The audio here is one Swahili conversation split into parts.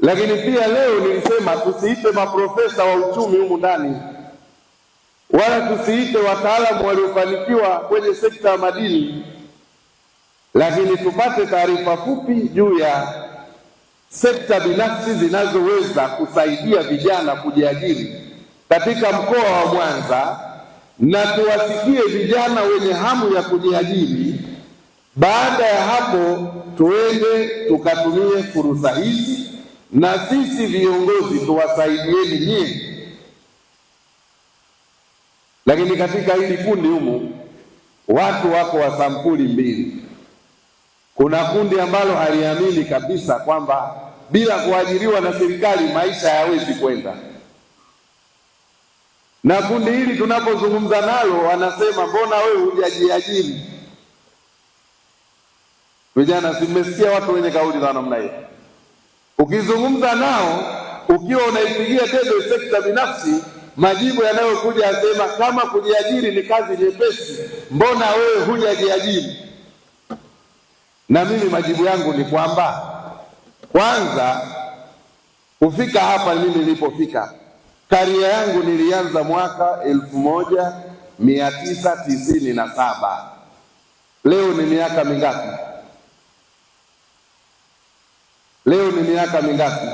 Lakini pia leo nilisema tusiite maprofesa wa uchumi humu ndani wala tusiite wataalamu waliofanikiwa kwenye sekta ya madini, lakini tupate taarifa fupi juu ya sekta binafsi zinazoweza kusaidia vijana kujiajiri katika mkoa wa Mwanza, na tuwasikie vijana wenye hamu ya kujiajiri. Baada ya hapo, tuende tukatumie fursa hizi na sisi viongozi tuwasaidieni nyie. Lakini katika hili kundi humu watu wako wa sampuli mbili. Kuna kundi ambalo haliamini kabisa kwamba bila kuajiriwa na serikali maisha hayawezi kwenda, na kundi hili tunapozungumza nalo wanasema mbona wewe hujajiajiri? Vijana, simesikia watu wenye kauli za namna hiyo. Ukizungumza nao ukiwa unaipigia tendo sekta binafsi, majibu yanayokuja yasema, kama kujiajiri ni kazi nyepesi, mbona wewe hujajiajiri? Na mimi majibu yangu ni kwamba kwanza, kufika hapa mimi nilipofika, karia yangu nilianza mwaka elfu moja mia tisa tisini na saba. Leo ni miaka mingapi? leo ni miaka mingapi?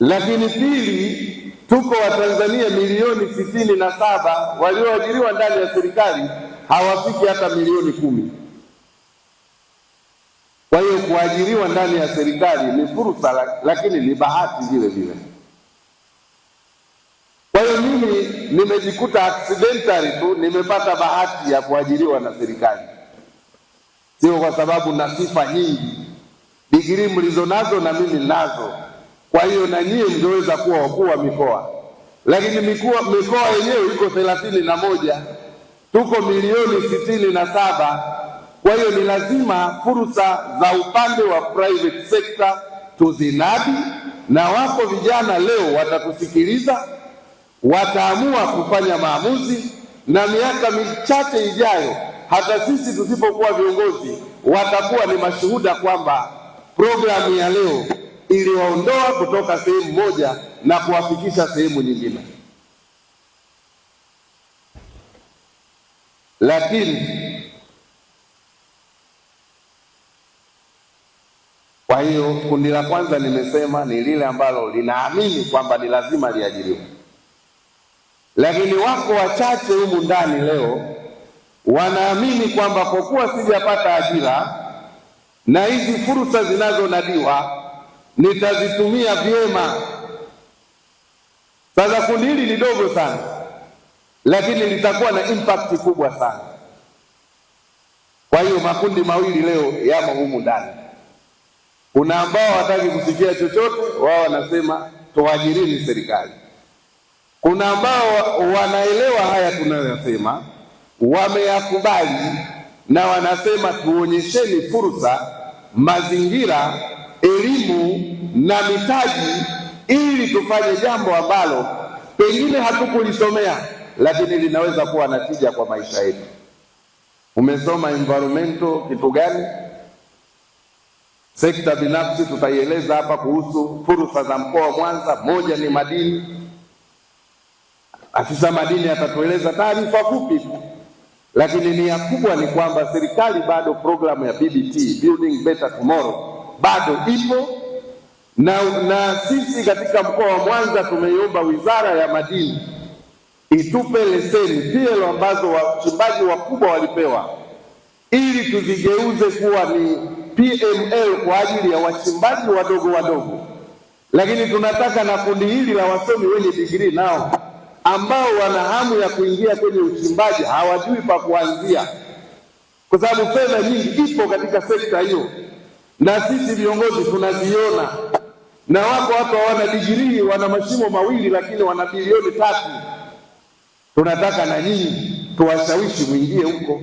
Lakini pili, tuko Watanzania milioni sitini na saba walioajiriwa ndani ya serikali hawafiki hata milioni kumi. Kwa hiyo kuajiriwa ndani ya serikali ni fursa, lakini ni bahati vile vile. Kwa hiyo mimi nimejikuta accidentally tu nimepata bahati ya kuajiriwa na serikali sio kwa sababu na sifa nyingi. Digrii mlizo nazo na mimi nazo. kwa hiyo na nyie mngeweza kuwa wakuu wa mikoa, lakini mikoa yenyewe iko thelathini na moja tuko milioni sitini na saba kwa hiyo ni lazima fursa za upande wa private sector tuzinadi, na wako vijana leo watatusikiliza, wataamua kufanya maamuzi, na miaka michache ijayo hata sisi tusipokuwa viongozi watakuwa ni mashuhuda kwamba programu ya leo iliwaondoa kutoka sehemu moja na kuwafikisha sehemu nyingine. Lakini kwa hiyo kundi la kwanza nimesema ni lile ambalo linaamini kwamba ni lazima liajiriwe, lakini wako wachache humu ndani leo wanaamini kwamba kwa kuwa sijapata ajira na hizi fursa zinazonadiwa nitazitumia vyema. Sasa kundi hili ni dogo sana, lakini litakuwa na impact kubwa sana. Kwa hiyo makundi mawili leo yamo humu ndani. Kuna ambao hawataki kusikia chochote, wao wanasema tuajirini serikali. Kuna ambao wanaelewa haya tunayoyasema wameyakubali na wanasema tuonyesheni fursa, mazingira, elimu na mitaji ili tufanye jambo ambalo pengine hatukulisomea lakini linaweza kuwa na tija kwa maisha yetu. Umesoma environmental kitu gani? Sekta binafsi tutaieleza hapa kuhusu fursa za mkoa wa Mwanza. Moja ni madini, afisa madini atatueleza taarifa fupi lakini nia kubwa ni kwamba serikali bado programu ya BBT, Building Better Tomorrow, bado ipo na, na sisi katika mkoa wa Mwanza tumeiomba Wizara ya Madini itupe leseni PL ambazo wachimbaji wakubwa walipewa ili tuzigeuze kuwa ni PML kwa ajili ya wachimbaji wadogo wadogo, lakini tunataka na kundi hili la wasomi wenye digrii nao ambao wana hamu ya kuingia kwenye uchimbaji hawajui pa kuanzia, kwa sababu fedha nyingi ipo katika sekta hiyo, na sisi viongozi tunaziona, na wako hapa wana digrii, wana mashimo mawili, lakini wana bilioni tatu. Tunataka na nyinyi tuwashawishi mwingie huko.